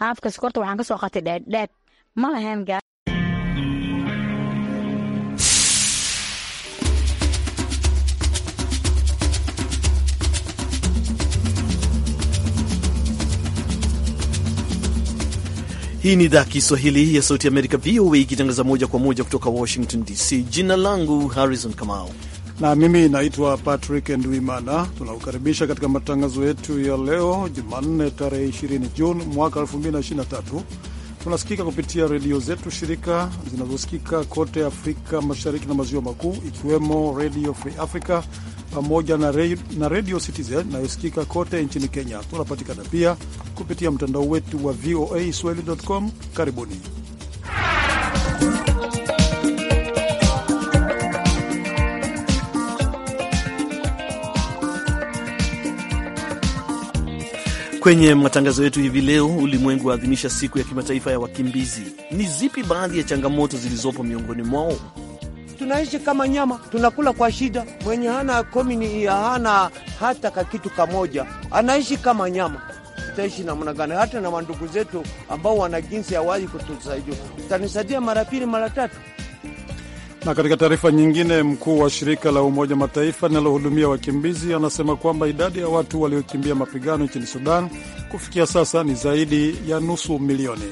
haafka sokorta waxaan ka soo qaatay dhaadhaab ma lahayn gaa Hii ni idhaa Kiswahili ya Sauti Amerika, VOA, ikitangaza moja kwa moja kutoka Washington DC. Jina langu Harrison Kamau na mimi naitwa Patrick Ndwimana. Tunakukaribisha katika matangazo yetu ya leo Jumanne, tarehe 20 Juni mwaka 2023. Tunasikika kupitia redio zetu shirika zinazosikika kote Afrika Mashariki na Maziwa Makuu, ikiwemo Redio Free Africa pamoja na Redio Citizen inayosikika kote nchini Kenya. Tunapatikana pia kupitia mtandao wetu wa VOA swahili.com. Karibuni Kwenye matangazo yetu hivi leo, ulimwengu waadhimisha siku ya kimataifa ya wakimbizi. Ni zipi baadhi ya changamoto zilizopo miongoni mwao? Tunaishi kama nyama, tunakula kwa shida. Mwenye hana komini ya hana hata kakitu kamoja, anaishi kama nyama. Tutaishi namna gani? Hata na wandugu zetu ambao wana jinsi wazi kutusaidia, utanisaidia mara pili mara tatu na katika taarifa nyingine, mkuu wa shirika la Umoja Mataifa linalohudumia wakimbizi anasema kwamba idadi ya watu waliokimbia mapigano nchini Sudan kufikia sasa ni zaidi ya nusu milioni.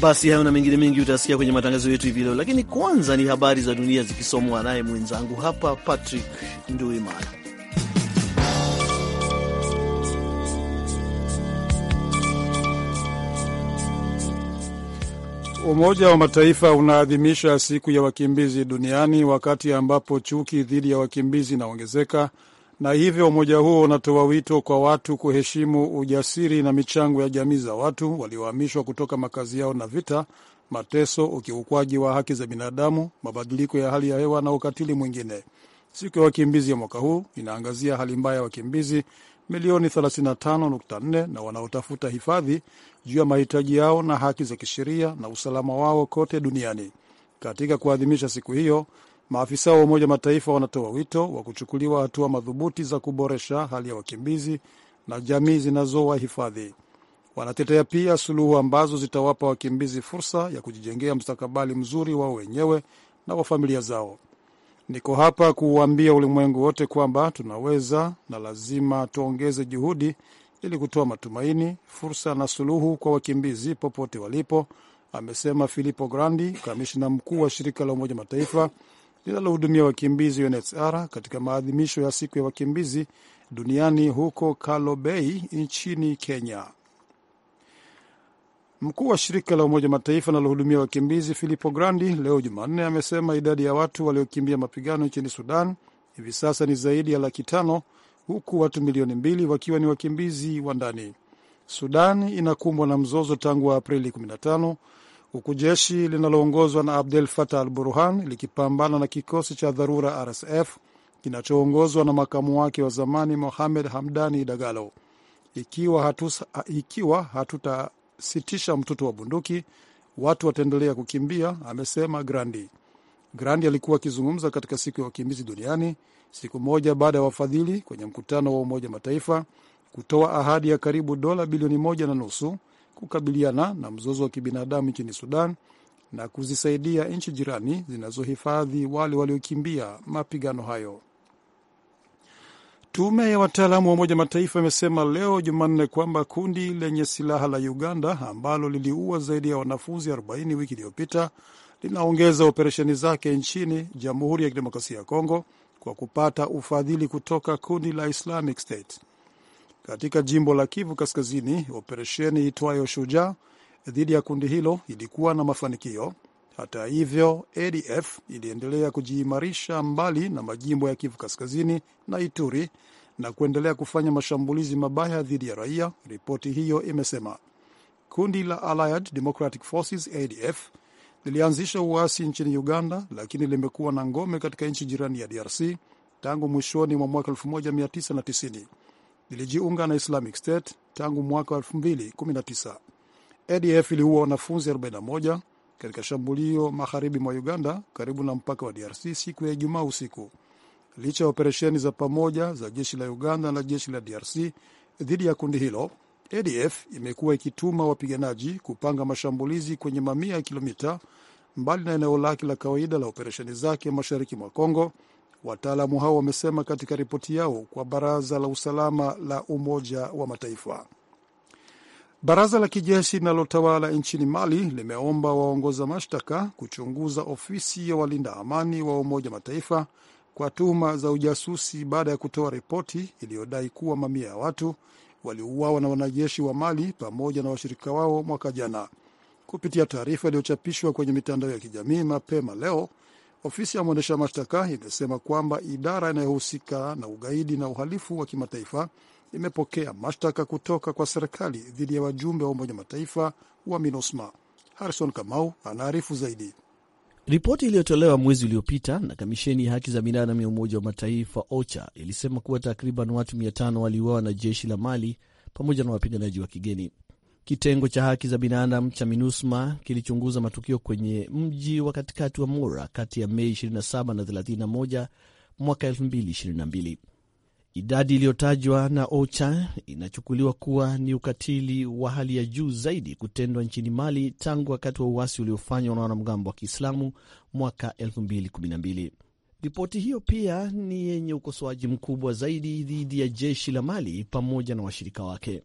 Basi hayo na mengine mengi utasikia kwenye matangazo yetu hivi leo, lakini kwanza ni habari za dunia zikisomwa naye mwenzangu hapa Patrick Nduimana. Umoja wa Mataifa unaadhimisha siku ya wakimbizi duniani wakati ambapo chuki dhidi ya wakimbizi inaongezeka, na hivyo umoja huo unatoa wito kwa watu kuheshimu ujasiri na michango ya jamii za watu waliohamishwa kutoka makazi yao na vita, mateso, ukiukwaji wa haki za binadamu, mabadiliko ya hali ya hewa na ukatili mwingine. Siku ya wakimbizi ya mwaka huu inaangazia hali mbaya ya wakimbizi milioni 35.4 na wanaotafuta hifadhi juu ya mahitaji yao na haki za kisheria na usalama wao kote duniani. Katika kuadhimisha siku hiyo, maafisa wa Umoja Mataifa wanatoa wito wa kuchukuliwa hatua madhubuti za kuboresha hali ya wakimbizi na jamii zinazowahifadhi hifadhi. Wanatetea pia suluhu ambazo zitawapa wakimbizi fursa ya kujijengea mstakabali mzuri wao wenyewe na wa familia zao. Niko hapa kuuambia ulimwengu wote kwamba tunaweza na lazima tuongeze juhudi ili kutoa matumaini, fursa na suluhu kwa wakimbizi popote walipo, amesema Filippo Grandi, kamishina mkuu wa shirika la Umoja Mataifa linalohudumia wakimbizi UNHCR katika maadhimisho ya siku ya wakimbizi duniani huko Kalobei nchini Kenya. Mkuu wa shirika la Umoja Mataifa linalohudumia wakimbizi Filippo Grandi leo Jumanne amesema idadi ya watu waliokimbia mapigano nchini Sudan hivi sasa ni zaidi ya laki tano huku watu milioni mbili wakiwa ni wakimbizi wa ndani. Sudan inakumbwa na mzozo tangu wa Aprili 15 huku jeshi linaloongozwa na Abdel Fatah al Burhan likipambana na kikosi cha dharura RSF kinachoongozwa na makamu wake wa zamani Mohamed Hamdani Dagalo. Ikiwa, hatusa, ikiwa hatuta sitisha mtoto wa bunduki, watu wataendelea kukimbia, amesema Grandi. Grandi alikuwa akizungumza katika siku ya wakimbizi duniani siku moja baada ya wafadhili kwenye mkutano wa Umoja Mataifa kutoa ahadi ya karibu dola bilioni moja na nusu kukabiliana na mzozo wa kibinadamu nchini Sudan na kuzisaidia nchi jirani zinazohifadhi wale waliokimbia mapigano hayo. Tume ya wataalamu wa Umoja Mataifa imesema leo Jumanne kwamba kundi lenye silaha la Uganda ambalo liliua zaidi ya wanafunzi 40 wiki iliyopita linaongeza operesheni zake nchini Jamhuri ya Kidemokrasia ya Kongo kwa kupata ufadhili kutoka kundi la Islamic State. Katika jimbo la Kivu Kaskazini, operesheni itwayo Shujaa dhidi ya kundi hilo ilikuwa na mafanikio hata hivyo, ADF iliendelea kujiimarisha mbali na majimbo ya Kivu Kaskazini na Ituri na kuendelea kufanya mashambulizi mabaya dhidi ya raia, ripoti hiyo imesema. Kundi la Allied Democratic Forces ADF lilianzisha uasi nchini Uganda, lakini limekuwa na ngome katika nchi jirani ya DRC tangu mwishoni mwa mwaka 1990. Lilijiunga na Islamic State tangu mwaka 2019. ADF iliua wanafunzi 41 katika shambulio magharibi mwa Uganda karibu na mpaka wa DRC siku ya Ijumaa usiku. Licha ya operesheni za pamoja za jeshi la Uganda na jeshi la DRC dhidi ya kundi hilo, ADF imekuwa ikituma wapiganaji kupanga mashambulizi kwenye mamia ya kilomita mbali na eneo lake la kawaida la operesheni zake mashariki mwa Kongo, wataalamu hao wamesema katika ripoti yao kwa Baraza la Usalama la Umoja wa Mataifa. Baraza la kijeshi linalotawala nchini Mali limeomba waongoza mashtaka kuchunguza ofisi ya walinda amani wa Umoja Mataifa kwa tuhuma za ujasusi baada ya kutoa ripoti iliyodai kuwa mamia ya watu waliuawa na wanajeshi wa Mali pamoja na washirika wao mwaka jana. Kupitia taarifa iliyochapishwa kwenye mitandao ya kijamii mapema leo, ofisi ya mwendesha mashtaka imesema kwamba idara inayohusika na ugaidi na uhalifu wa kimataifa imepokea mashtaka kutoka kwa serikali dhidi ya wajumbe wa Umoja Mataifa wa MINUSMA. Harison Kamau anaarifu zaidi. Ripoti iliyotolewa mwezi uliopita na kamisheni ya haki za binadamu ya Umoja wa Mataifa OCHA ilisema kuwa takriban watu 500 waliuawa na jeshi la Mali pamoja na wapiganaji wa kigeni. Kitengo cha haki za binadamu cha MINUSMA kilichunguza matukio kwenye mji wa katikati wa Mora kati ya Mei 27 na 31 mwaka 2022. Idadi iliyotajwa na OCHA inachukuliwa kuwa ni ukatili wa hali ya juu zaidi kutendwa nchini Mali tangu wakati wa uasi uliofanywa na wanamgambo wa Kiislamu mwaka 2012. Ripoti hiyo pia ni yenye ukosoaji mkubwa zaidi dhidi ya jeshi la Mali pamoja na washirika wake.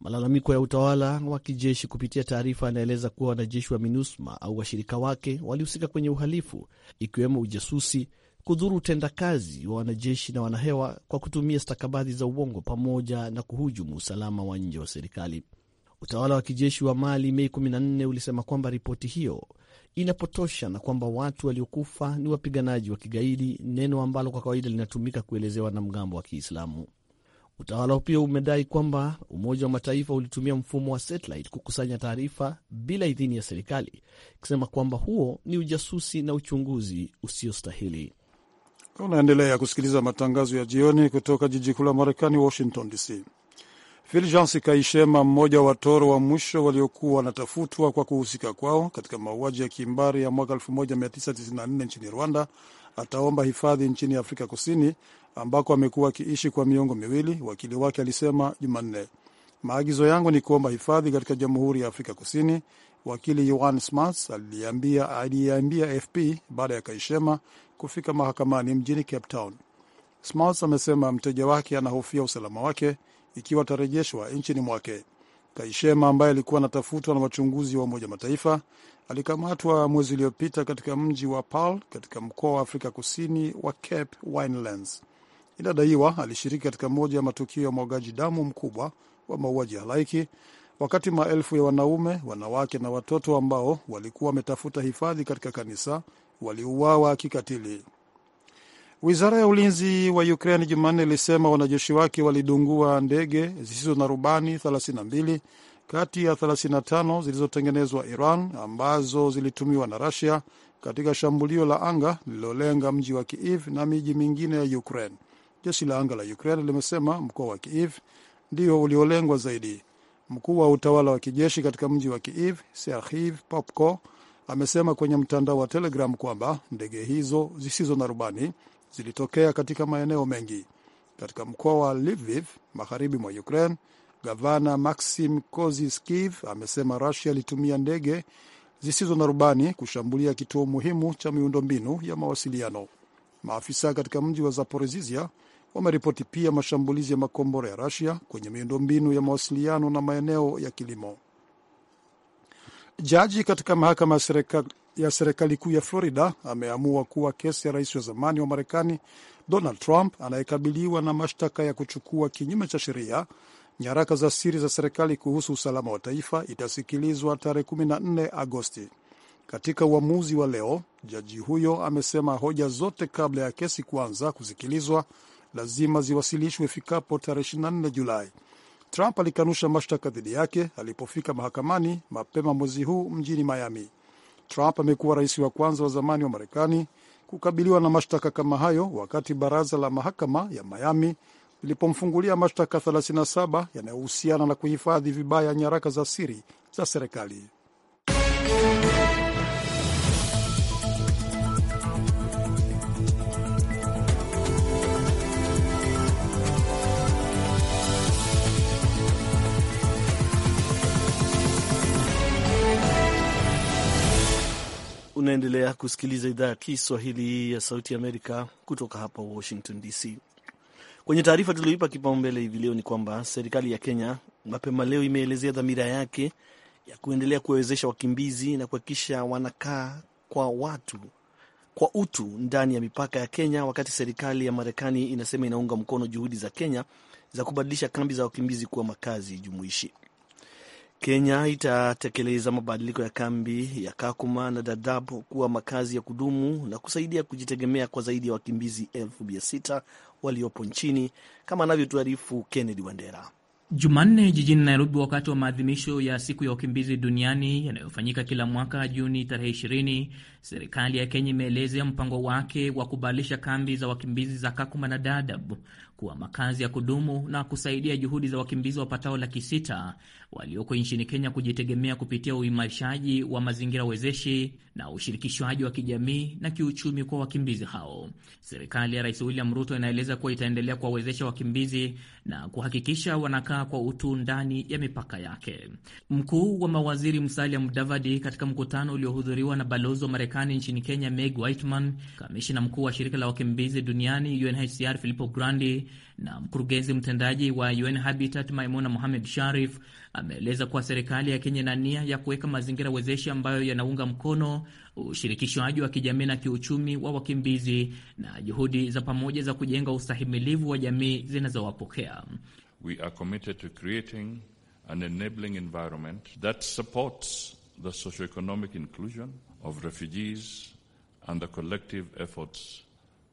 Malalamiko ya utawala wa kijeshi kupitia taarifa yanaeleza kuwa wanajeshi wa MINUSMA au washirika wake walihusika kwenye uhalifu ikiwemo ujasusi, kudhuru utendakazi wa wanajeshi na wanahewa kwa kutumia stakabadhi za uongo pamoja na kuhujumu usalama wa nje wa serikali. Utawala wa kijeshi wa Mali Mei 14 ulisema kwamba ripoti hiyo inapotosha na kwamba watu waliokufa ni wapiganaji wa kigaidi, neno ambalo kwa kawaida linatumika kuelezewa na mgambo wa Kiislamu. Utawala pia umedai kwamba Umoja wa Mataifa ulitumia mfumo wa satellite kukusanya taarifa bila idhini ya serikali, ikisema kwamba huo ni ujasusi na uchunguzi usiostahili. Unaendelea kusikiliza matangazo ya jioni kutoka jiji kuu la Marekani, Washington DC. Fulgence Kaishema, mmoja wa watoro wa mwisho waliokuwa wanatafutwa kwa kuhusika kwao katika mauaji ya kimbari ya mwaka 1994 nchini Rwanda, ataomba hifadhi nchini Afrika Kusini, ambako amekuwa akiishi kwa miongo miwili, wakili wake alisema Jumanne. Maagizo yangu ni kuomba hifadhi katika Jamhuri ya Afrika Kusini, wakili Yohan Smarts aliambia AFP baada ya Kaishema kufika mahakamani mjini Cape Town. Smarts amesema mteja wake anahofia usalama wake ikiwa atarejeshwa nchini mwake. Kaishema ambaye alikuwa anatafutwa na wachunguzi wa Umoja Mataifa alikamatwa mwezi uliopita katika mji wa Paarl katika mkoa wa Afrika Kusini wa Cape Winelands. Inadaiwa alishiriki katika moja ya matukio ya mwagaji damu mkubwa wa mauaji halaiki, wakati maelfu ya wanaume, wanawake na watoto ambao walikuwa wametafuta hifadhi katika kanisa waliuawa kikatili. Wizara ya ulinzi wa Ukraine Jumanne ilisema wanajeshi wake walidungua ndege zisizo na rubani 32 kati ya 35 zilizotengenezwa Iran ambazo zilitumiwa na Rusia katika shambulio la anga lililolenga mji wa Kiev na miji mingine ya Ukraine. Jeshi la anga la Ukraine limesema mkoa wa Kiev ndio uliolengwa zaidi. Mkuu wa utawala wa kijeshi katika mji wa Kiev, Serhiv Popko, amesema kwenye mtandao wa Telegram kwamba ndege hizo zisizo na rubani zilitokea katika maeneo mengi katika mkoa wa Lviv magharibi mwa Ukraine. Gavana Maxim Koziskiv amesema Rusia ilitumia ndege zisizo na rubani kushambulia kituo muhimu cha miundombinu ya mawasiliano. Maafisa katika mji wa Zaporizhia wameripoti pia mashambulizi ya makombora ya Rusia kwenye miundombinu ya mawasiliano na maeneo ya kilimo. Jaji katika mahakama ya serikali kuu ya Florida ameamua kuwa kesi ya rais wa zamani wa Marekani Donald Trump anayekabiliwa na mashtaka ya kuchukua kinyume cha sheria nyaraka za siri za serikali kuhusu usalama wa taifa itasikilizwa tarehe 14 Agosti. Katika uamuzi wa leo, jaji huyo amesema hoja zote kabla ya kesi kuanza kusikilizwa lazima ziwasilishwe ifikapo tarehe 24 Julai. Trump alikanusha mashtaka dhidi yake alipofika mahakamani mapema mwezi huu mjini Miami. Trump amekuwa rais wa kwanza wa zamani wa Marekani kukabiliwa na mashtaka kama hayo, wakati baraza la mahakama ya Miami lilipomfungulia mashtaka 37 yanayohusiana na kuhifadhi vibaya nyaraka za siri za serikali. Unaendelea kusikiliza idhaa ya Kiswahili ya Sauti ya Amerika kutoka hapa Washington DC. Kwenye taarifa tulioipa kipaumbele hivi leo ni kwamba serikali ya Kenya mapema leo imeelezea dhamira yake ya kuendelea kuwawezesha wakimbizi na kuhakikisha wanakaa kwa watu kwa utu ndani ya mipaka ya Kenya, wakati serikali ya Marekani inasema inaunga mkono juhudi za Kenya za kubadilisha kambi za wakimbizi kuwa makazi jumuishi. Kenya itatekeleza mabadiliko ya kambi ya Kakuma na Dadaab kuwa makazi ya kudumu na kusaidia kujitegemea kwa zaidi ya wakimbizi elfu mia sita waliopo nchini, kama anavyotuarifu Kennedy Wandera. Jumanne jijini Nairobi, wakati wa maadhimisho ya siku ya wakimbizi duniani yanayofanyika kila mwaka Juni tarehe 20, serikali ya Kenya imeelezea mpango wake wa kubadilisha kambi za wakimbizi za Kakuma na Dadaab kuwa makazi ya kudumu na kusaidia juhudi za wakimbizi wapatao laki sita walioko nchini Kenya kujitegemea kupitia uimarishaji wa mazingira wezeshi na ushirikishwaji wa kijamii na kiuchumi kwa wakimbizi hao. Serikali ya Rais William Ruto inaeleza kuwa itaendelea kuwawezesha wakimbizi na kuhakikisha wanakaa kwa utu ndani ya mipaka yake. Mkuu wa mawaziri Musalia Mudavadi, katika mkutano uliohudhuriwa na balozi wa Marekani nchini Kenya Meg Whitman, kamishina mkuu wa shirika la wakimbizi duniani UNHCR Filippo Grandi na mkurugenzi mtendaji wa UN Habitat Maimuna Mohamed Sharif ameeleza kuwa serikali ya Kenya ina nia ya kuweka mazingira wezeshi ambayo yanaunga mkono ushirikishwaji wa kijamii na kiuchumi wa wakimbizi na juhudi za pamoja za kujenga ustahimilivu wa jamii zinazowapokea. We are committed to creating an enabling environment that supports the socioeconomic inclusion of refugees and the collective efforts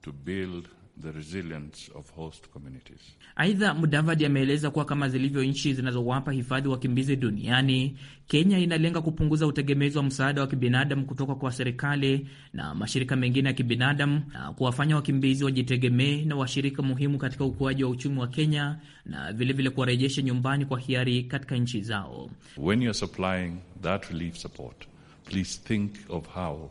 to build the resilience of host communities. Aidha, Mudavadi ameeleza kuwa kama zilivyo nchi zinazowapa hifadhi wakimbizi duniani, Kenya inalenga kupunguza utegemezi wa msaada wa kibinadamu kutoka kwa serikali na mashirika mengine ya kibinadamu na kuwafanya wakimbizi wajitegemee na washirika muhimu katika ukuaji wa uchumi wa Kenya na vilevile kuwarejesha nyumbani kwa hiari katika nchi zao. When supplying that relief support, please think of how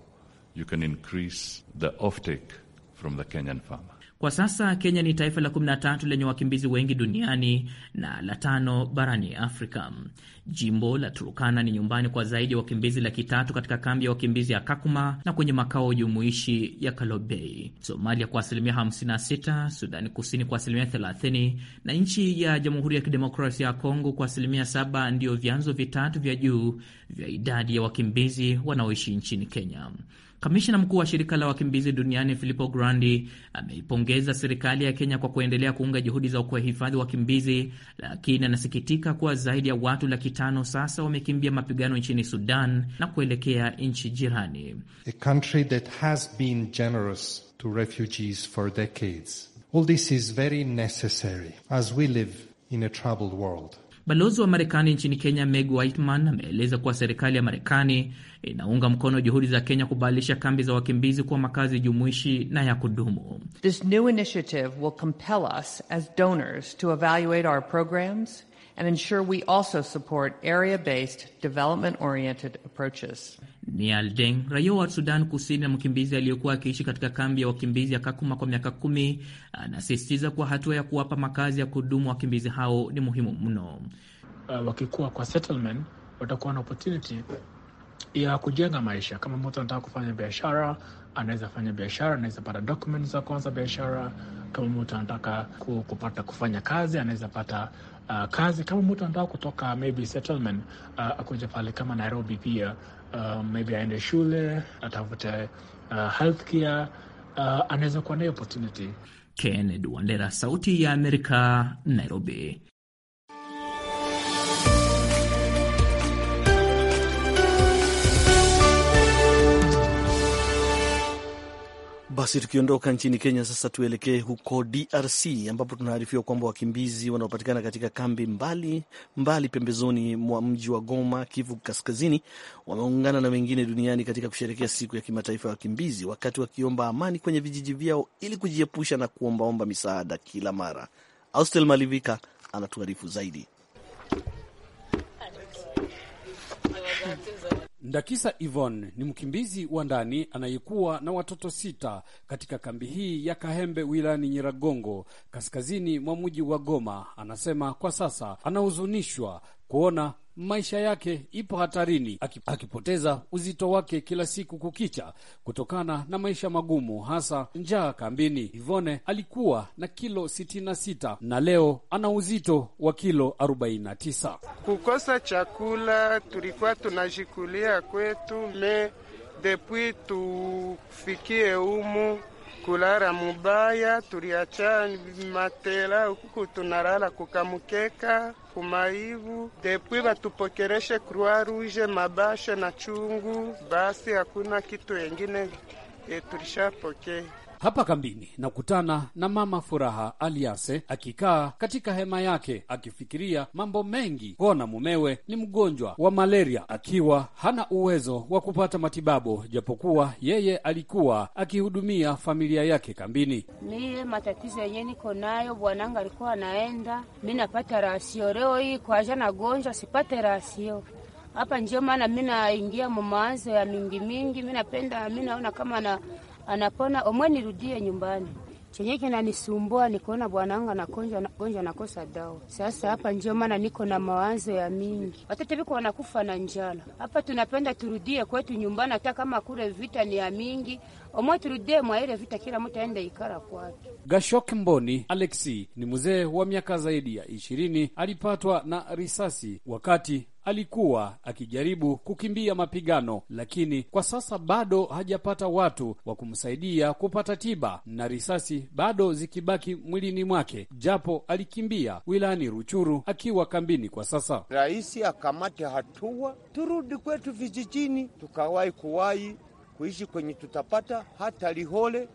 you can increase the offtake from the Kenyan farmer. Kwa sasa Kenya ni taifa la 13 lenye wakimbizi wengi duniani na la tano barani Afrika. Jimbo la Turukana ni nyumbani kwa zaidi ya wakimbizi laki tatu katika kambi ya wakimbizi ya Kakuma na kwenye makao jumuishi ya Kalobei. Somalia kwa asilimia 56, Sudani Kusini kwa asilimia 30 na nchi ya Jamhuri ya Kidemokrasia ya Kongo kwa asilimia 7 ndiyo vyanzo vitatu vya juu vya idadi ya wakimbizi wanaoishi nchini Kenya. mkuu wa shirika la wakimbizi duniani Filippo Grandi ameipongeza serikali ya Kenya kwa kuendelea kuunga juhudi za kuwahifadhi wakimbizi, lakini anasikitika kuwa zaidi ya watu laki tano sasa wamekimbia mapigano nchini Sudan na kuelekea nchi jirani. A country that has been generous to refugees for decades. All this is very necessary as we live in a troubled world. Balozi wa Marekani nchini Kenya Meg Whitman ameeleza kuwa serikali ya Marekani inaunga mkono juhudi za Kenya kubadilisha kambi za wakimbizi kuwa makazi jumuishi na ya kudumu. This new initiative will compel us as donors to evaluate our programs and ensure we also support area-based development-oriented approaches. Nial Deng, raia wa Sudan Kusini na mkimbizi aliyekuwa akiishi katika kambi ya wakimbizi ya Kakuma kwa miaka kumi, anasisitiza kuwa hatua ya kuwapa makazi ya kudumu wakimbizi hao ni muhimu mno. Uh, wakikuwa kwa settlement watakuwa na opportunity ya kujenga maisha. Kama mtu anataka kufanya biashara, anaweza fanya biashara, anaweza pata za kwanza biashara. Kama mtu anataka kupata kufanya kazi, anaweza pata uh, kazi. Kama mtu anataka kutoka maybe settlement uh, akuja pale kama Nairobi pia uh, maybe aende shule atafute uh, healthcare uh, anaweza kuwa nayo opportunity. Kennedy Wandera, Sauti ya Amerika, Nairobi. Basi tukiondoka nchini Kenya sasa, tuelekee huko DRC ambapo tunaarifiwa kwamba wakimbizi wanaopatikana katika kambi mbali mbali pembezoni mwa mji wa Goma, Kivu Kaskazini, wameungana na wengine duniani katika kusherekea siku ya kimataifa ya wakimbizi, wakati wakiomba amani kwenye vijiji vyao ili kujiepusha na kuombaomba misaada kila mara. Austel Malivika anatuarifu zaidi. Ndakisa Yvonne ni mkimbizi wa ndani anayekuwa na watoto sita katika kambi hii ya Kahembe wilayani Nyiragongo, kaskazini mwa mji wa Goma. Anasema kwa sasa anahuzunishwa kuona maisha yake ipo hatarini, akipoteza uzito wake kila siku kukicha kutokana na maisha magumu, hasa njaa kambini. Ivone alikuwa na kilo sitini na sita na leo ana uzito wa kilo 49 tisa. Kukosa chakula tulikuwa tunashikulia kwetu me depui tufikie umu kulala mubaya, tuliacha matela huku tunalala kukamukeka kumaivu depui batupokereshe Croix Rouge mabashe na chungu, basi hakuna kitu yengine eh, tulishapokea. Hapa kambini nakutana na mama Furaha Aliase akikaa katika hema yake akifikiria mambo mengi, kuona mumewe ni mgonjwa wa malaria, akiwa hana uwezo wa kupata matibabu, japokuwa yeye alikuwa akihudumia familia yake kambini. Miye matatizo yenye niko nayo, bwananga alikuwa anaenda, mi napata rasio, leo hii kwaja nagonjwa, sipate rasio hapa, ndio maana mi naingia mumawazo ya mingi mingi, mi napenda mi naona kama na anapona omwe, nirudie nyumbani. Chenye kinanisumbua ni kuona wangu anagonjwa gonjwa, nakosa dawa. Sasa hapa ndio maana niko na mawazo ya mingi, watoto viko wanakufa na njala hapa. Tunapenda turudie kwetu nyumbani, hata kama kule vita ni ya mingi omwe, turudie mwa ile vita, kila mtu aende ikara kwake. Gashoki Mboni Alexi ni mzee wa miaka zaidi ya ishirini, alipatwa na risasi wakati alikuwa akijaribu kukimbia mapigano, lakini kwa sasa bado hajapata watu wa kumsaidia kupata tiba na risasi bado zikibaki mwilini mwake, japo alikimbia wilayani Ruchuru akiwa kambini. Kwa sasa rais akamate hatua, turudi kwetu vijijini, tukawahi kuwahi kuishi kwenye tutapata hata lihole,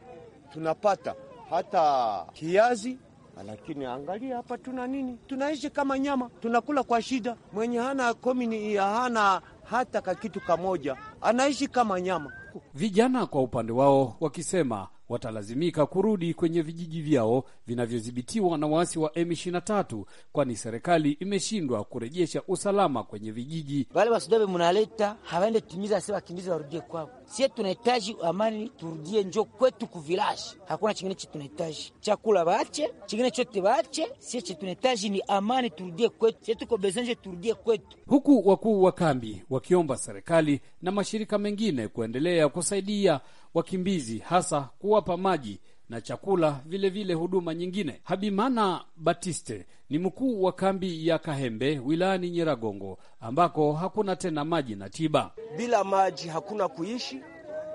tunapata hata kiazi lakini angalia hapa, tuna nini? Tunaishi kama nyama, tunakula kwa shida. Mwenye hana komini ya hana hata ka kitu kamoja, anaishi kama nyama. Vijana kwa upande wao wakisema watalazimika kurudi kwenye vijiji vyao vinavyodhibitiwa na waasi wa M23 kwani serikali imeshindwa kurejesha usalama kwenye vijiji. Wale wasudabe munaleta hawaende timiza, asi wakimbizi warudie kwao Sie tunahitaji amani, turudie njo kwetu kuvilashi hakuna chingine che tunahitaji. Chakula bache, chingine chote bache. Sie che tunahitaji ni amani, turudie kwetu. Sie tuko bezenje, turudie kwetu. Huku wakuu wa kambi wakiomba serikali na mashirika mengine kuendelea kusaidia wakimbizi, hasa kuwapa maji na chakula vilevile vile huduma nyingine. Habimana Batiste ni mkuu wa kambi ya Kahembe wilayani Nyiragongo, ambako hakuna tena maji na tiba. Bila maji hakuna kuishi,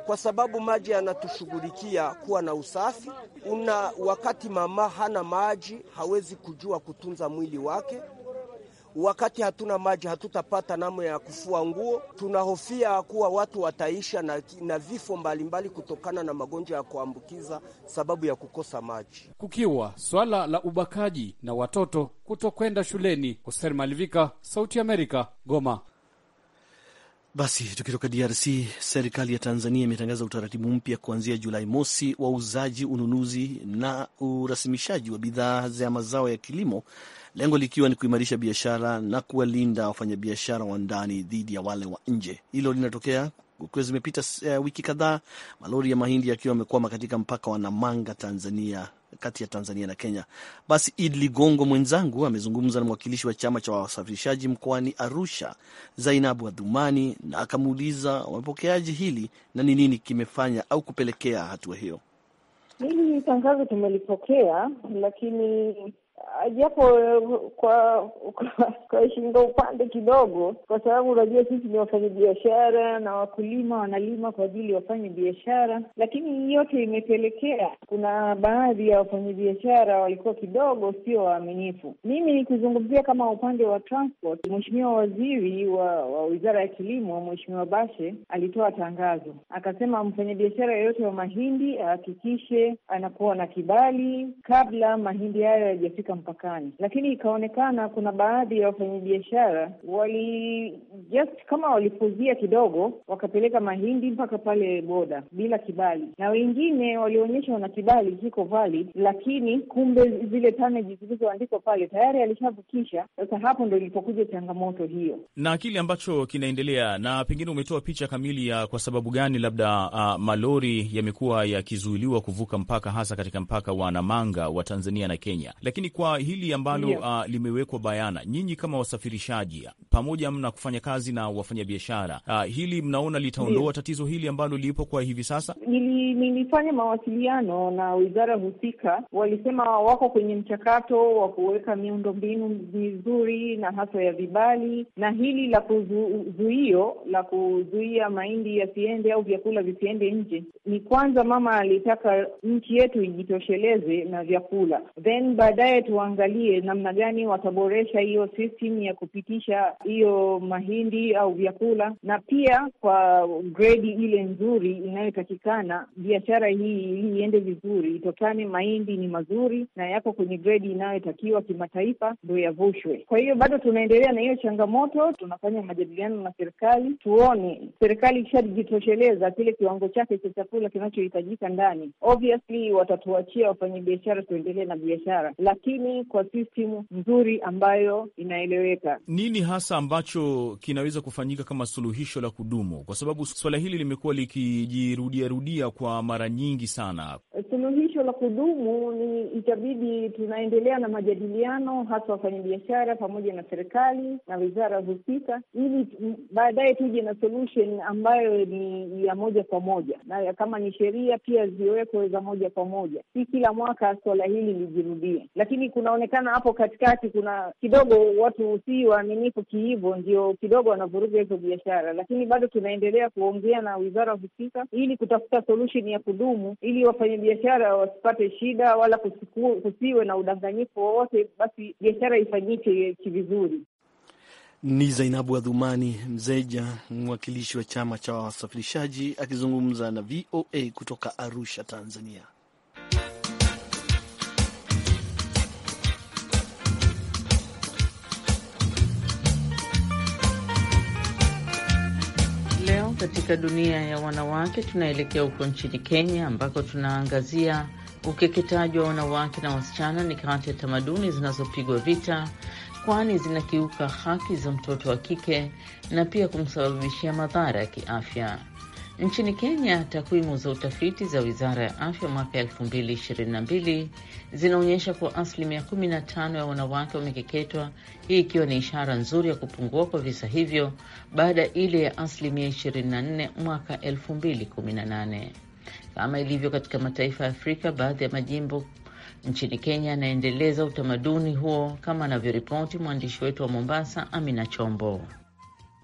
kwa sababu maji yanatushughulikia kuwa na usafi. Una wakati mama hana maji, hawezi kujua kutunza mwili wake Wakati hatuna maji, hatutapata namna ya kufua nguo. Tunahofia kuwa watu wataisha na, na vifo mbalimbali kutokana na magonjwa ya kuambukiza sababu ya kukosa maji, kukiwa swala la ubakaji na watoto kutokwenda shuleni. Hoser Malivika, Sauti Amerika, Goma. Basi tukitoka DRC, serikali ya Tanzania imetangaza utaratibu mpya kuanzia Julai mosi wa uuzaji, ununuzi na urasimishaji wa bidhaa za mazao ya kilimo, lengo likiwa ni kuimarisha biashara na kuwalinda wafanyabiashara wa ndani dhidi ya wale wa nje. Hilo linatokea kukiwa zimepita uh, wiki kadhaa malori ya mahindi yakiwa yamekwama katika mpaka wa Namanga, Tanzania kati ya Tanzania na Kenya. Basi Id Ligongo mwenzangu amezungumza na mwakilishi wa chama cha wasafirishaji mkoani Arusha, Zainabu Adhumani, na akamuuliza wamepokeaje hili na ni nini kimefanya au kupelekea hatua hiyo. Hili tangazo tumelipokea, lakini japo eh, kwa kwa, kwa shinga upande kidogo, kwa sababu unajua sisi ni wafanyabiashara na wakulima wanalima kwa ajili ya wafanya biashara, lakini yote imepelekea kuna baadhi ya wafanyabiashara walikuwa kidogo sio waaminifu. Mimi nikizungumzia kama upande wa transport, Mheshimiwa Waziri wa, wa Wizara ya Kilimo, Mheshimiwa Bashe alitoa tangazo akasema, mfanyabiashara yeyote wa mahindi ahakikishe anakuwa na kibali kabla mahindi hayo yajafika kufika mpakani, lakini ikaonekana kuna baadhi ya wafanyabiashara wali just kama walipuzia kidogo, wakapeleka mahindi mpaka pale boda bila kibali, na wengine walionyesha wana kibali kiko valid, lakini kumbe zile tanaji zilizoandikwa pale tayari alishavukisha Sasa hapo ndo ilipokuja changamoto hiyo na kile ambacho kinaendelea, na pengine umetoa picha kamili ya kwa sababu gani labda uh, malori yamekuwa yakizuiliwa kuvuka mpaka hasa katika mpaka wa Namanga wa Tanzania na Kenya, lakini kwa hili ambalo yeah, uh, limewekwa bayana, nyinyi kama wasafirishaji pamoja mna kufanya kazi na wafanyabiashara uh, hili mnaona litaondoa yeah, tatizo hili ambalo lipo kwa hivi sasa? Nili, nilifanya mawasiliano na wizara husika, walisema wako kwenye mchakato wa kuweka miundo mbinu mizuri na hasa ya vibali, na hili la kuzuio la kuzuia mahindi yasiende au vyakula visiende nje, ni kwanza mama alitaka nchi yetu ijitosheleze na vyakula then baadaye tuangalie namna gani wataboresha hiyo system ya kupitisha hiyo mahindi au vyakula, na pia kwa gredi ile nzuri inayotakikana biashara hii ili iende vizuri, itokane mahindi ni mazuri na yako kwenye gredi inayotakiwa kimataifa, ndo yavushwe. Kwa hiyo bado tunaendelea na hiyo changamoto, tunafanya majadiliano na serikali, tuone serikali ikishajitosheleza kile kiwango chake cha chakula kinachohitajika ndani, obviously watatuachia wafanyabiashara tuendelee na biashara, lakini lakini kwa system nzuri ambayo inaeleweka. Nini hasa ambacho kinaweza kufanyika kama suluhisho la kudumu, kwa sababu suala hili limekuwa likijirudiarudia kwa mara nyingi sana? Suluhisho suluhisho la kudumu ni itabidi tunaendelea na majadiliano, hasa wafanyabiashara pamoja na serikali na wizara husika, ili baadaye tuje na solution ambayo ni ya moja kwa moja, na kama ni sheria pia ziwekwe za moja kwa moja, si kila mwaka swala hili lijirudie. Lakini kunaonekana hapo katikati kuna kidogo watu si waaminifu kihivo, ndio kidogo wanavuruga hizo biashara, lakini bado tunaendelea kuongea na wizara husika ili kutafuta solution ya kudumu ili wafanyabiashara wasipate shida wala kusiku, kusiwe na udanganyifu wowote, basi biashara ifanyike kivizuri. Ni Zainabu Adhumani Mzeja, mwakilishi wa chama cha wasafirishaji akizungumza na VOA kutoka Arusha, Tanzania. Leo katika dunia ya wanawake tunaelekea huko nchini Kenya ambako tunaangazia Ukeketaji wa wanawake na wasichana ni kati ya tamaduni zinazopigwa vita, kwani zinakiuka haki za mtoto wa kike na pia kumsababishia madhara ya kiafya. Nchini Kenya, takwimu za utafiti za wizara ya afya mwaka 2022 zinaonyesha kuwa asilimia 15 ya wanawake wamekeketwa, hii ikiwa ni ishara nzuri ya kupungua kwa visa hivyo baada ya ile ya asilimia 24 mwaka 2018. Kama ilivyo katika mataifa ya Afrika, baadhi ya majimbo nchini Kenya yanaendeleza utamaduni huo, kama anavyoripoti mwandishi wetu wa Mombasa, Amina Chombo.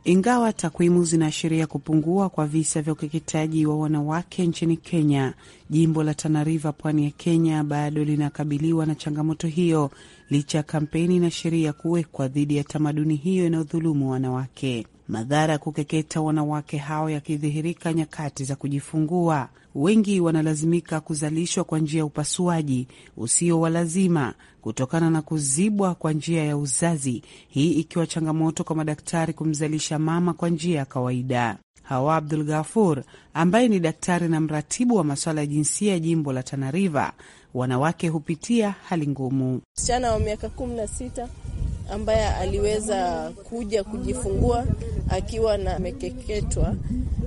Ingawa takwimu zinaashiria kupungua kwa visa vya ukeketaji wa wanawake nchini Kenya, jimbo la Tana River, pwani ya Kenya, bado linakabiliwa na changamoto hiyo licha ya kampeni na sheria kuwekwa dhidi ya tamaduni hiyo inayodhulumu wanawake. Madhara ya kukeketa wanawake hao yakidhihirika nyakati za kujifungua wengi wanalazimika kuzalishwa kwa njia ya upasuaji usio wa lazima kutokana na kuzibwa kwa njia ya uzazi, hii ikiwa changamoto kwa madaktari kumzalisha mama kwa njia ya kawaida. Hawa Abdul Ghafur ambaye ni daktari na mratibu wa masuala ya jinsia ya jimbo la Tanariva, wanawake hupitia hali ngumu. Msichana wa miaka kumi na sita ambaye aliweza kuja kujifungua akiwa na mekeketwa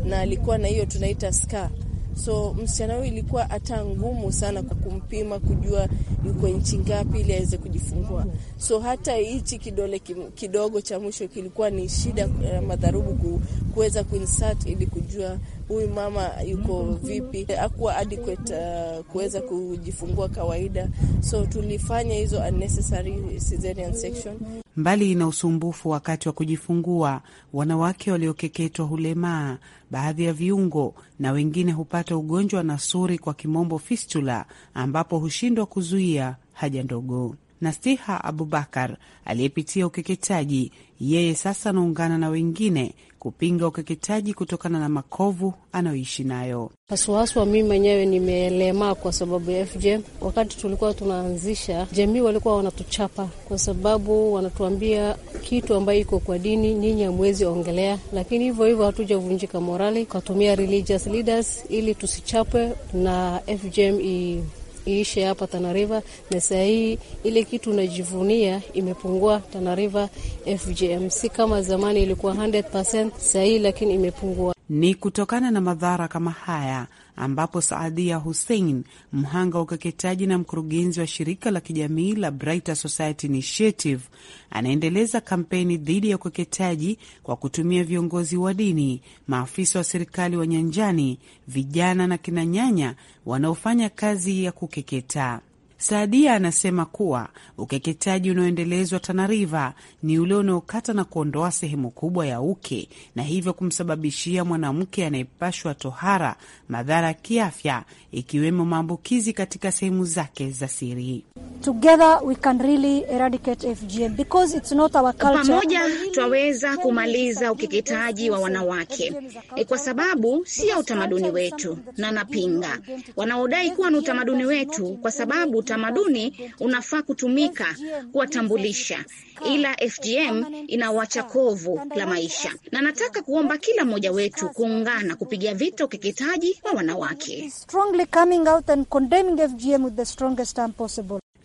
na alikuwa na hiyo tunaita scar So msichana huyu ilikuwa hata ngumu sana kwa kumpima, kujua yuko nchi ngapi ili aweze kujifungua. So hata hichi kidole kidogo cha mwisho kilikuwa ni shida ya eh, madharubu kuweza kuinsert ili kujua huyu mama yuko vipi. akuwa adequate uh, kuweza kujifungua kawaida, so tulifanya hizo unnecessary cesarean section. Mbali na usumbufu wakati wa kujifungua, wanawake waliokeketwa hulemaa baadhi ya viungo na wengine hupata ugonjwa nasuri, kwa kimombo fistula, ambapo hushindwa kuzuia haja ndogo. Nastiha Abubakar aliyepitia ukeketaji, yeye sasa anaungana na wengine kupinga ukeketaji kutokana na makovu anayoishi nayo. Haswahaswa mimi mwenyewe nimeelemaa kwa sababu ya FGM. Wakati tulikuwa tunaanzisha, jamii walikuwa wanatuchapa kwa sababu wanatuambia kitu ambayo iko kwa dini, nyinyi hamwezi ongelea, lakini hivyo hivyo hatujavunjika morali, ukatumia religious leaders ili tusichapwe na FGM i iishe hapa Tana River, na saa hii ile kitu unajivunia imepungua. Tana River FGM si kama zamani ilikuwa 100% saa hii, lakini imepungua. Ni kutokana na madhara kama haya ambapo Saadia Hussein, mhanga wa ukeketaji na mkurugenzi wa shirika la kijamii la Brighter Society Initiative, anaendeleza kampeni dhidi ya ukeketaji kwa kutumia viongozi wa dini, maafisa wa serikali wa nyanjani, vijana na kinanyanya wanaofanya kazi ya kukeketa. Saadia anasema kuwa ukeketaji unaoendelezwa Tana River ni ule unaokata na kuondoa sehemu kubwa ya uke na hivyo kumsababishia mwanamke anayepashwa tohara madhara ya kiafya ikiwemo maambukizi katika sehemu zake za siri. Together we can really eradicate FGM because it's not our culture. Pamoja twaweza kumaliza ukeketaji wa wanawake e, kwa sababu sio utamaduni wetu, na napinga wanaodai kuwa ni utamaduni wetu, kwa sababu utamaduni unafaa kutumika kuwatambulisha, ila FGM inawacha kovu la maisha, na nataka kuomba kila mmoja wetu kuungana kupiga vita ukeketaji wa wanawake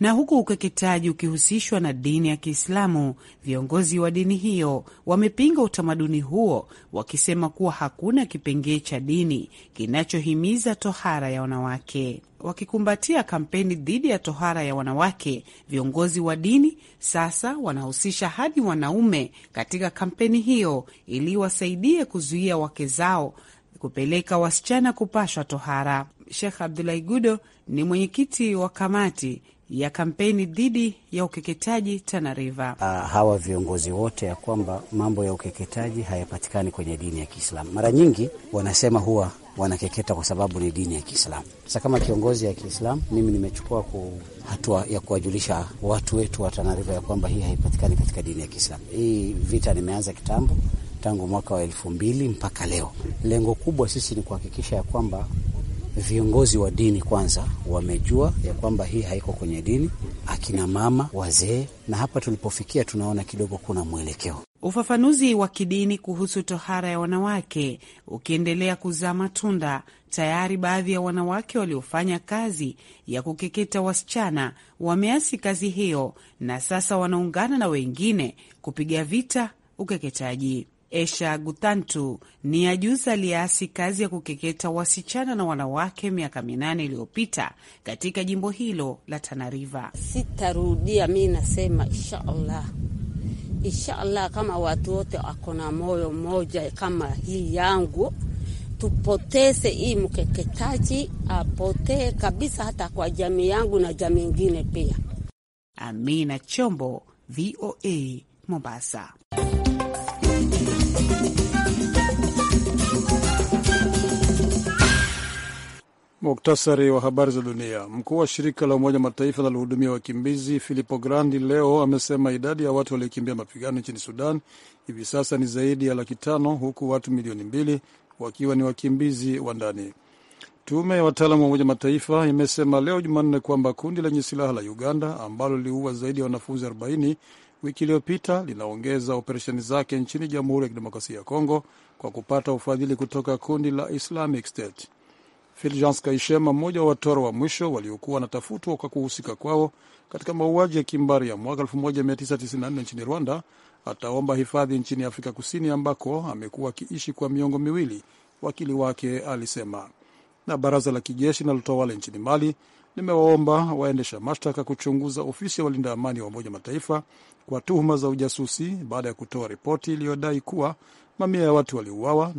na huku ukeketaji ukihusishwa na dini ya Kiislamu, viongozi wa dini hiyo wamepinga utamaduni huo, wakisema kuwa hakuna kipengee cha dini kinachohimiza tohara ya wanawake. Wakikumbatia kampeni dhidi ya tohara ya wanawake, viongozi wa dini sasa wanahusisha hadi wanaume katika kampeni hiyo ili wasaidie kuzuia wake zao kupeleka wasichana kupashwa tohara. shekh abdulahi Gudo ni mwenyekiti wa kamati ya kampeni dhidi ya ukeketaji Tana River. Ah, hawa viongozi wote ya kwamba mambo ya ukeketaji hayapatikani kwenye dini ya Kiislamu. Mara nyingi wanasema huwa wanakeketa kwa sababu ni dini ya Kiislamu. Sasa kama kiongozi ya Kiislamu, mimi nimechukua hatua ya kuwajulisha watu wetu wa Tana River ya kwamba hii haipatikani katika dini ya Kiislamu. Hii vita nimeanza kitambo, tangu mwaka wa elfu mbili mpaka leo. Lengo kubwa sisi ni kuhakikisha ya kwamba viongozi wa dini kwanza wamejua ya kwamba hii haiko kwenye dini, akina mama, wazee, na hapa tulipofikia tunaona kidogo kuna mwelekeo. Ufafanuzi wa kidini kuhusu tohara ya wanawake ukiendelea kuzaa matunda. Tayari baadhi ya wanawake waliofanya kazi ya kukeketa wasichana wameasi kazi hiyo na sasa wanaungana na wengine kupiga vita ukeketaji. Esha Gutantu ni ajuza aliyeasi kazi ya kukeketa wasichana na wanawake miaka minane iliyopita katika jimbo hilo la Tanariva. Sitarudia, mi nasema inshallah, inshallah, kama watu wote wako na moyo mmoja kama hii yangu tupoteze hii mkeketaji, apotee kabisa, hata kwa jamii yangu na jamii ingine pia. Amina Chombo, VOA, Mombasa. Muktasari wa habari za dunia. Mkuu wa shirika la Umoja Mataifa linalohudumia wakimbizi Filippo Grandi leo amesema idadi ya watu waliokimbia mapigano nchini Sudan hivi sasa ni zaidi ya laki tano huku watu milioni mbili wakiwa ni wakimbizi wa ndani. Tume ya wataalamu wa Umoja Mataifa imesema leo Jumanne kwamba kundi lenye silaha la Uganda ambalo liliua zaidi ya wanafunzi 40 wiki iliyopita linaongeza operesheni zake nchini Jamhuri ya Kidemokrasia ya Kongo kwa kupata ufadhili kutoka kundi la Islamic State. Filjans Kaishema, mmoja wa watoro wa mwisho waliokuwa wanatafutwa kwa kuhusika kwao katika mauaji ya kimbari ya mwaka 1994 nchini Rwanda, ataomba hifadhi nchini Afrika Kusini ambako amekuwa akiishi kwa miongo miwili, wakili wake alisema. Na baraza la kijeshi linalotawala nchini Mali limewaomba waendesha mashtaka kuchunguza ofisi ya walinda amani wa Umoja Mataifa kwa tuhuma za ujasusi baada ya kutoa ripoti iliyodai kuwa mamia ya watu waliuawa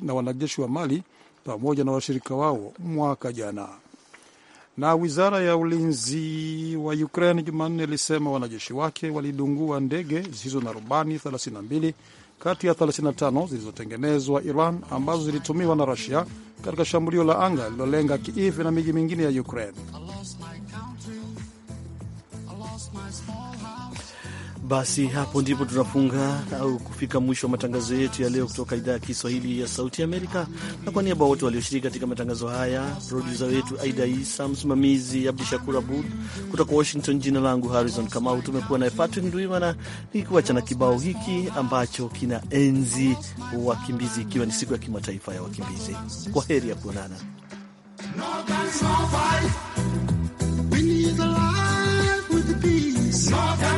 na wanajeshi wa Mali pamoja na washirika wao mwaka jana. Na wizara ya ulinzi wa Ukraine Jumanne ilisema wanajeshi wake walidungua ndege zisizo na rubani 32 kati ya 35 zilizotengenezwa Iran ambazo zilitumiwa na Rusia katika shambulio la anga lililolenga Kiev na miji mingine ya Ukraine. Basi hapo ndipo tunafunga au kufika mwisho wa matangazo yetu ya leo kutoka idhaa ya Kiswahili ya Sauti Amerika. Na kwa niaba wote walioshiriki katika matangazo haya, produsa wetu Aida Isa, msimamizi Abdu Shakur Abud kutoka Washington, jina langu Harrison Kamau, tumekuwa naye Patrick Ndwimana nikiwacha na kibao hiki ambacho kina enzi wakimbizi, ikiwa ni siku ya kimataifa ya wakimbizi. Kwa heri ya kuonana. No,